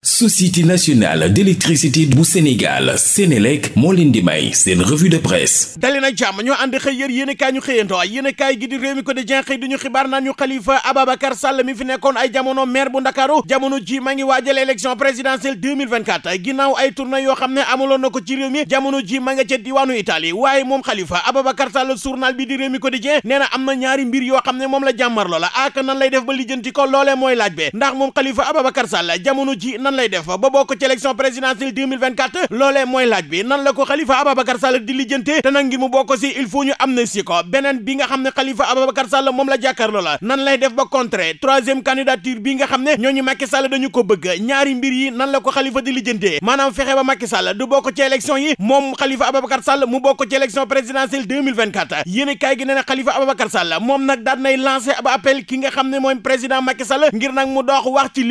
société nationale d'électricité bu Sénégal Sénélec moo leen di may seen revue de presse dali nag jàmm ñoo ànd xëy yér yéen i ñu xëyantoo yéen i kaay gi di réew mi ko di jenxëy di ñu xibaar naan ñu Khalifa Ababacar Sall mi fi nekkoon ay jamono maire bu Ndakaaru jamono ji ma ngi waajal élection présidentielle 2024 ginnaaw ay tournée yoo xam ne amuloon na ko ci réew mi jamono ji ma nga ca diwaanu Italie waaye moom Khalifa Ababacar Sall journal bi di ñaari mbir yoo xam ne moom la jàmmarloo la ak nan lay def ba lijjanti ko loolee mooy laaj nan lay def ba bokk ci élection présidentielle 2024 loolee mooy laaj bi nan la ko Khalifa Ababacar Sall di lijjante te ngir mu bokk si il faut ñu beneen bi nga xam ne Khalifa Ababacar Sall moom la jàkkaarloo la nan lay def ba contrer troisième candidature bi nga xam ne ñooñu Macky Sall dañu ko bëgg ñaari mbir yi nan la ko Khalifa di lijjante fexe ba Macky Sall du bokk ci élection yi moom Khalifa Ababacar Sall mu bokk ci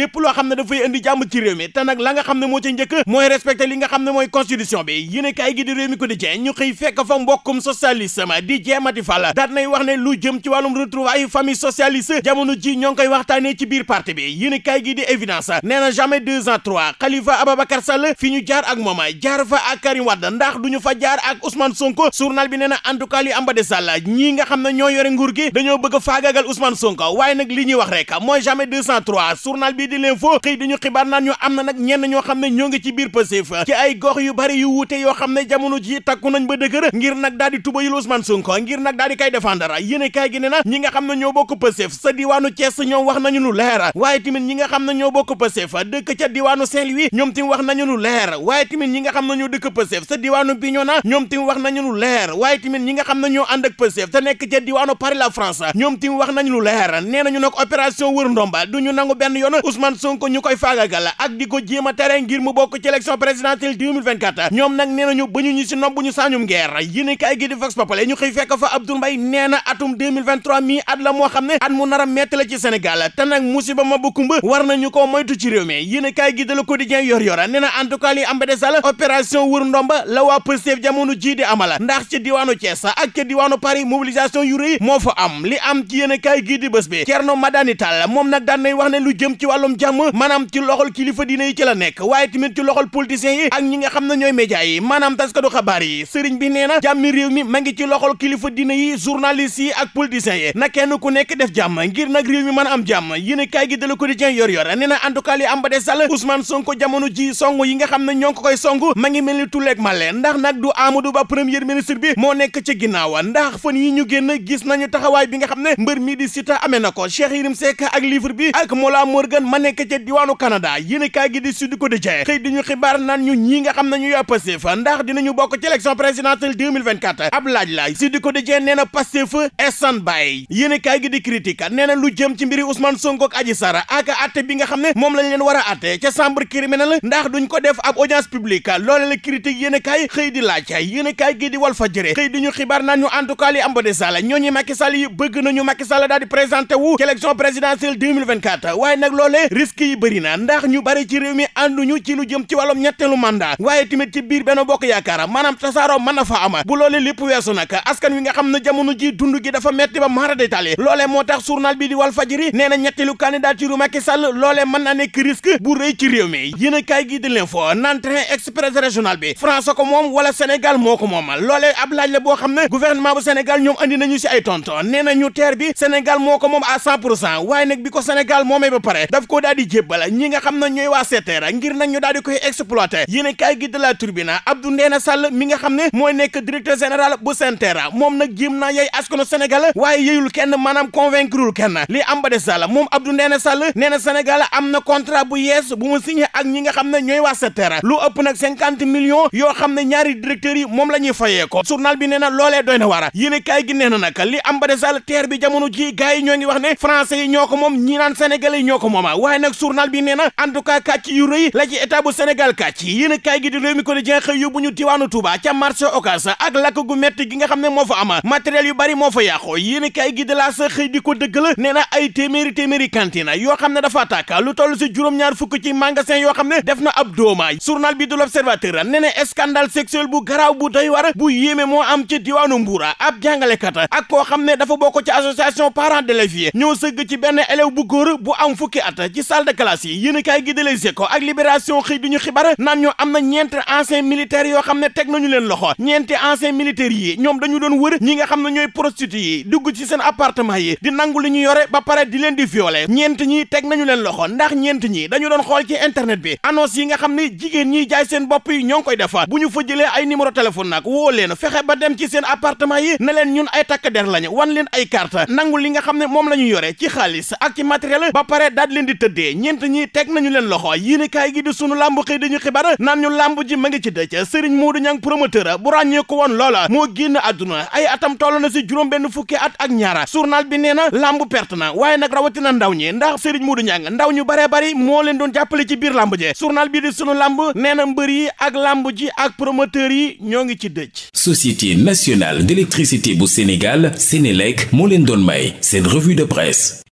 ci lépp réew te nag la nga xam ne moo ca njëkk mooy respecté li nga xam ne mooy constitution bi yéen kaay gi di réew mi ko di jee ñu xëy fekk fa mbokkum socialiste ma di jeemati fàll daat nay wax ne lu jëm ci wàllum retrouvailles famille socialiste jamono ji ñoo ngi koy waxtaanee ci biir parti bi yéen kaay gi di évidence nee na jamais deux ans fi ñu jaar ak mooma jaar fa ak Karim Wade ndax du ñu fa jaar ak Ousmane Sonko journal bi nee na en tout cas li amba de nga xam ne ñoo yore nguur gi dañoo bëgg a faagaagal Ousmane Sonko waaye li ñuy wax rek mooy jamais deux cent trois journal bi di l'info am na nag ñenn ñoo xam ne ñoo ngi ci biir Pastef ci ay gox yu bari yu wuute yoo xam ne jamono ji takku nañ ba dëgër ngir nag daal di tubayul Ousmane Sonko ngir nag daal di kay a yéene kaay gi ne na ñi nga xam ne ñoo bokk Pastef sa diwaanu Thiès ñoom wax nañu lu leer waaye tamit ñi nga xam ne ñoo bokk Pastef dëkk ca diwaanu Saint-Louis ñoom tim wax nañu lu leer waaye tamit ñi nga xam ne ñoo dëkk Pastef sa diwaanu Bignona ñoom tim wax nañu lu leer waaye tamit ñi nga xam ne ñoo ànd ak Pastef te nekk ca diwaanu Paris la France ñoom tim wax nañu lu leer nee nañu nag opération wër ndomba duñu benn yoon Ousmane Sonko ñu koy faagagal ak di ko jéem a tere ngir mu bokk ci élection présidentielle ñoom nag nee nañu ba ñu si nopp ñu saañum ngeer yéen kaay gi di Vox Populi ñu xëy fekk fa Abdoul Mbaye nee atum 2023 mi la moo xam ne at mu nar a metti la te nag musiba ma bu kumba war nañu ko moytu ci réew mi yéen kaay gi de Le Quotidien yor yora nee na en tout cas li am ba la waa Pastef jamono ji di amala ndax ci diwaanu Thiès ak ci diwaanu Paris mobilisation kilifa yi ci la nekk waaye tamit ci loxol politiciens yi ak ñi nga xam ne ñooy média yi maanaam taskatu xabaar yi sëriñ bi nee na jàmmi réew mi ma ngi ci loxol kilifa diine yi journalistes yi ak politiciens yi na kenn ku nekk def jàmm ngir nag réew mi mën a am jàmm yéen a kaay gi de le quotidien yor yor nee na en tout cas am ba des sal Ousmane Sonko jamono ji song yi nga xam ne ñoo ngi ko koy song ma ngi mel ni tulleeg male ndax nag du Amadou Ba premier ministre bi moo nekk ginnaawa ndax fan yi ñu génn gis nañu taxawaay bi nga xam ne mbër mi di sita amee na ko Cheikh Yérim Seck ak livre bi ak Mola Morgan ma nekk yéenekaay gi di Sud Quotidien xëy di ñu xibaar naan ñu ñi nga xam ne ñu yaa Pastef ndax dinañu bokk ci élection présidentielle ab laaj la Sud Quotidien nee na Pastef essan bay yéenekaay gi di critique nee lu jëm ci mbiri Ousmane Sonko ak Adji Sarr ak bi nga xam ne moom lañ leen war a atte ca chambre criminelle ndax duñ ko def ab audience publique loole la critique yéenekaay xëy di laaj yéenekaay gi di Walfadjri xëy di ñu xibaar naan ñu en bari ci réew mi ànduñu lu jëm ci wàllum ñetteelu mandat waaye tamit ci biir benn bokk yaakaar maanaam tasaaroo mën ama bu loolee lépp weesu nag askan wi nga xam ne jamono ji dund gi dafa metti ba maara détaillé loolee moo tax journal bi wal fajiri nee na ñetteelu candidature Macky Sall loolee mën naa nekk risque bu rëy ci réew mi yéen a kaay gi di leen fo naan train express régional bi France ko moom wala Sénégal moo ko moom loolee la boo xam ne gouvernement bu Sénégal ñoom andi nañu si ay tonto nee nañu terre moo ko moom à cent pour cent bi ko Sénégal moomee ba pare daf koo daal di jébbal ñi nga xam ñooy waa SETER ngir nag ñu daal di koy exploité yéen kaay gi de la Tribune Abdou Ndéné Sall mi xam ne mooy nekk directeur général bu SETER moom nag jéem na yey askanu Sénégal waaye yeyul kenn maanaam convaincreul kenn li am ba des la moom Abdou Ndéné Sall nee na Sénégal am na contrat bu yees bu mu signé ak ñi nga xam ne ñooy waa SETER lu ëpp nag cinquante millions yoo xam ne ñaari directeurs yi moom la ñuy fayee ko journal bi nee na loolee doy na war yéen kaay gi nee na nag ñoo ngi wax ne français yi ñoo ko moom ñi ko mooma waaye nag journal cas kàcc yu rëy la ci état bu Sénégal kàcc yéen a kaay gi di réew mi ko di jeex xëy yóbbu ñu diwaanu Touba ca marché Ocass ak lakk gu metti gi nga xam ne moo fa am matériel yu bari moo fa yàqu yéen a kaay gi de la sa xëy di ko dëggal nee na ay téeméeri téeméeri kantina yoo xam ne dafa tàkk lu toll si juróom-ñaar fukk ci magasin yoo xam ne def na ab dooma journal bi du l'Observateur nee na scandale sexuel bu garaaw bu doy war bu yéeme moo am ci diwaanu Mbuura ab jàngalekat ak koo xam ne dafa bokk ci association parents d'élèves ñëw sëgg ci benn élève bu góor bu am fukki at ci salle de Les Échos ak Libération xëy du ñu xibaar naan ñoo am na ñeent ancien militaires yoo xam ne teg nañu leen loxo ñeenti ancien militaires yi ñoom dañu doon wër ñi nga xam ne ñooy prostitué yi dugg ci seen appartement yi di nangu li ñu yore ba pare di leen di violer ñeent ñi teg nañu leen loxo ndax ñeent ñi dañu doon xool ci internet bi annonce yi nga xam ne jigéen ñiy jaay seen bopp yi ñoo ngi koy defa bu ñu fa jëlee ay numéro téléphone nag woo leen fexe ba dem ci seen appartement yi ne leen ñun ay takk der lañu wan leen ay carte nangu li nga xam ne moom la ñu yore ci xaalis ak ba pare daal leen di tëddee ñeent ñi teg nañu leen beneen loxo yéenekaay gi di sunu làmb xëy dañu xibaar naan ñu làmb ji ma ngi ci dëj Serigne Modou Niang promoteur bu ràññeeku woon loola moo génn àdduna ay atam toll na si juróom benn fukki at ak ñaara journal bi nee na làmb perte waaye nag rawatina ndaw ñi ndax Serigne Modou Niang ndaw ñu baree bari moo leen doon jàppale ci biir làmb ji journal bi di sunu làmb nee na mbër yi ak làmb ji ak promoteur yi ñoo ngi ci dëj Société nationale d'électricité bu Sénégal Sénélec moo leen doon may seen revue de presse